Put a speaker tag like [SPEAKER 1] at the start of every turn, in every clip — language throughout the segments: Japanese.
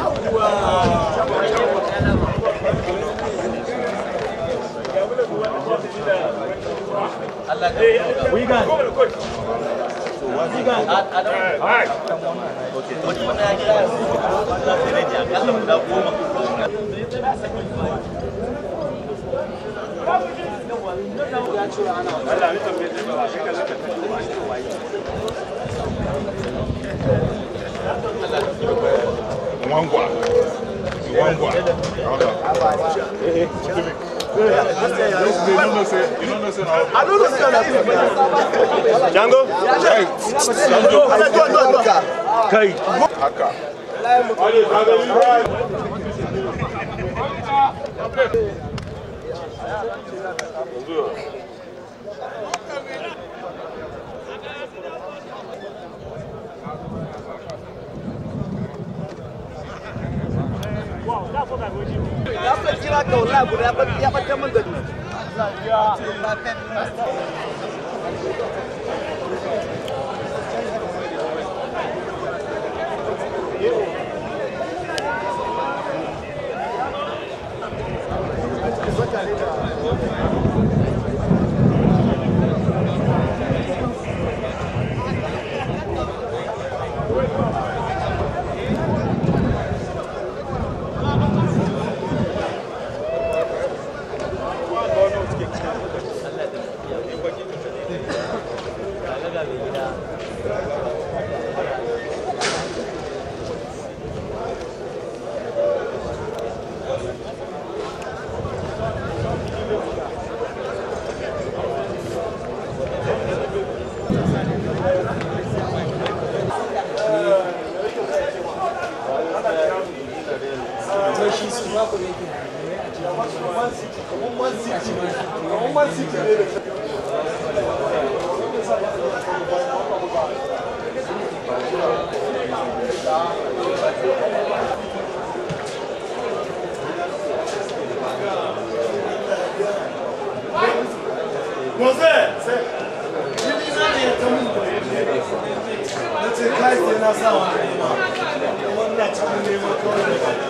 [SPEAKER 1] We got. We got. All right. Allah wangwa wangwa Django? Hey, Django. Kai. Aka. Aka. na san kira ka wallahi guda ya ɓatar min da Thank you. That's it, guys, they're not selling anymore. One that's on the new one.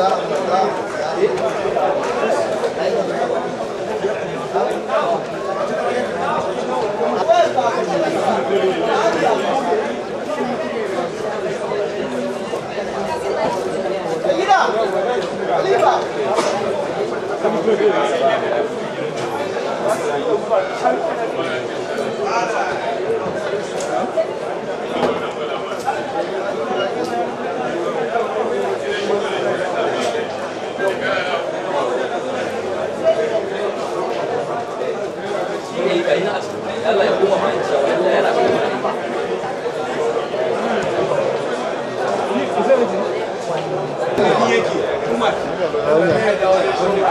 [SPEAKER 1] Mira, arriba. yi aí, yi na asibiti Allah ya koma mai cewa Allah yana so ni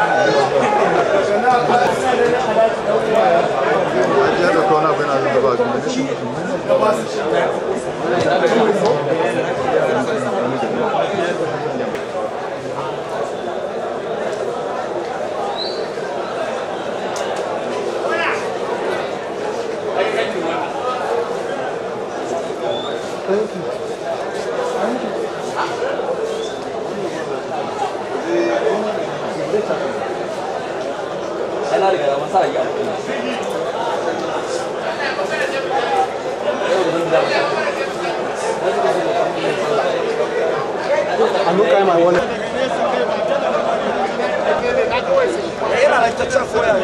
[SPEAKER 1] Ah, nunca Era